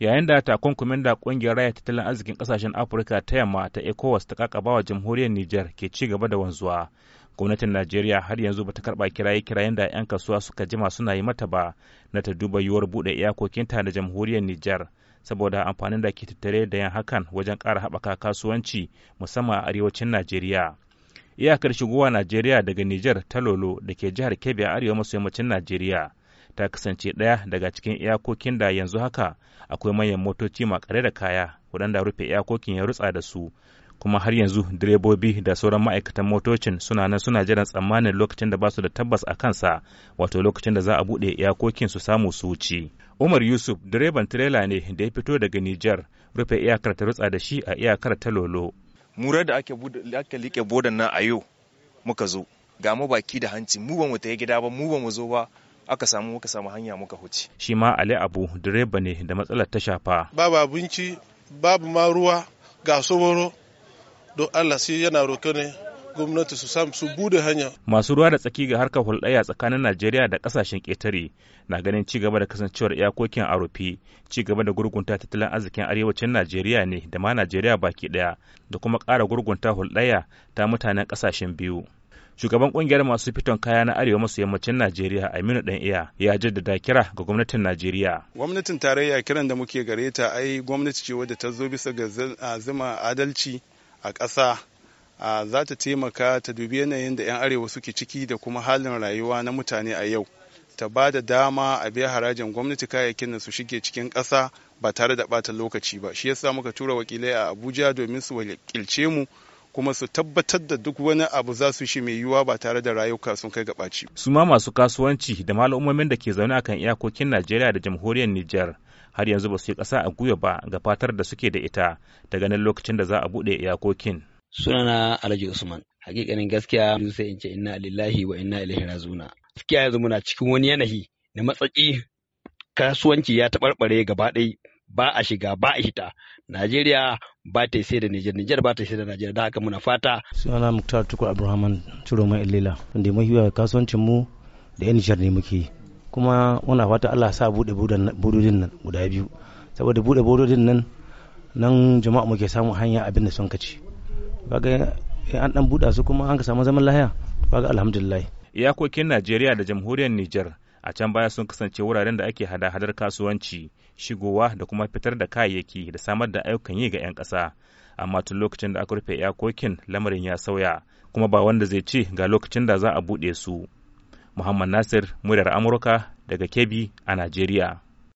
yayin da takunkumin da kungiyar raya tattalin arzikin kasashen afirka ta yamma ta ecowas ta kakaba wa jamhuriyar niger ke ci gaba da wanzuwa gwamnatin najeriya har yanzu bata karba kiraye kirayen da 'yan kasuwa suka jima suna yi mata ba na ta duba yiwuwar bude iyakokinta da jamhuriyar niger saboda amfanin da ke tattare da yan hakan wajen kara haɓaka kasuwanci musamman a arewacin najeriya iyakar shigowa najeriya daga niger ta lolo da ke jihar kebbi a arewa maso yammacin najeriya ta kasance ɗaya daga cikin iyakokin da yanzu haka akwai manyan motoci makare da kaya waɗanda rufe iyakokin ya rutsa da su kuma har yanzu direbobi da sauran ma'aikatan motocin suna nan suna jiran tsammanin lokacin da ba su da tabbas a kansa wato lokacin da za a buɗe iyakokin su samu su wuce. Umar Yusuf direban tirela ne da ya fito daga Nijar rufe iyakar ta rutsa da shi a iyakar ta Lolo. Murar da ake ake like bodan nan a yau muka zo ga mabaki da hanci mu ba mu tafi gida ba mu ba mu zo ba aka samu muka samu hanya muka huce shi ma ali abu direba ne da matsalar ta shafa babu abinci babu ma ruwa ga soboro don allah sai yana roƙo ne gwamnati su samu su bude hanya. Masu ruwa da tsaki ga harkar hulɗaya tsakanin Najeriya da ƙasashen ƙetare na ganin ci gaba da kasancewar iyakokin arufi ci gaba da gurgunta tattalin arzikin arewacin Najeriya ne da ma Najeriya baki ɗaya da kuma ƙara gurgunta hulɗaya ta mutanen ƙasashen biyu. shugaban kungiyar masu fiton kaya na arewa maso yammacin najeriya aminu dan iya ya jaddada kira ga gwamnatin najeriya gwamnatin tarayya kiran da muke gare ta ai gwamnati ce wadda ta zo bisa ga zama adalci a ƙasa za ta taimaka ta dubi yanayin da 'yan arewa suke ciki da kuma halin rayuwa na mutane a yau ta ba da dama a biya harajin gwamnati kayayyakin da su shige cikin ƙasa ba tare da ɓata lokaci ba shi yasa muka tura wakilai a abuja domin su wakilce mu kuma su tabbatar da duk wani abu za su shi mai yiwuwa ba tare da rayuka sun kai ci. su ma masu kasuwanci da malamomin da ke zaune akan iyakokin najeriya da jamhuriyar nijar har yanzu ba su yi kasa a guya ba ga fatar da suke da ita daga nan lokacin da za a buɗe iyakokin. sunana alhaji usman hakikanin gaskiya sai in ce inna lillahi wa inna ilaihi zuna. gaskiya yanzu muna cikin wani yanayi na matsaki kasuwanci ya taɓarɓare gaba ɗaya ba a shiga ba a hita najeriya ba ta sai da nijar nijar ba ta sai da najeriya da haka muna fata sunana muktar tuku abrahaman ciroma Ilila, wanda mu hiwa kasuwancin mu da yan nijar ne muke kuma muna fata allah sa bude budodin nan guda biyu saboda buɗe budodin nan nan jama'a muke samun hanya abin da sun kaci kaga an dan buda su kuma an ka samu zaman lahiya kaga alhamdulillah iyakokin najeriya da jamhuriyar nijar a can baya sun kasance wuraren da ake hada-hadar kasuwanci shigowa da kuma fitar da kayayyaki da samar da ayyukan yi ga 'yan ƙasa amma tun lokacin da aka rufe iyakokin lamarin ya sauya kuma ba wanda zai ce ga lokacin da za a buɗe su muhammad nasir muryar amurka daga kebbi a najeriya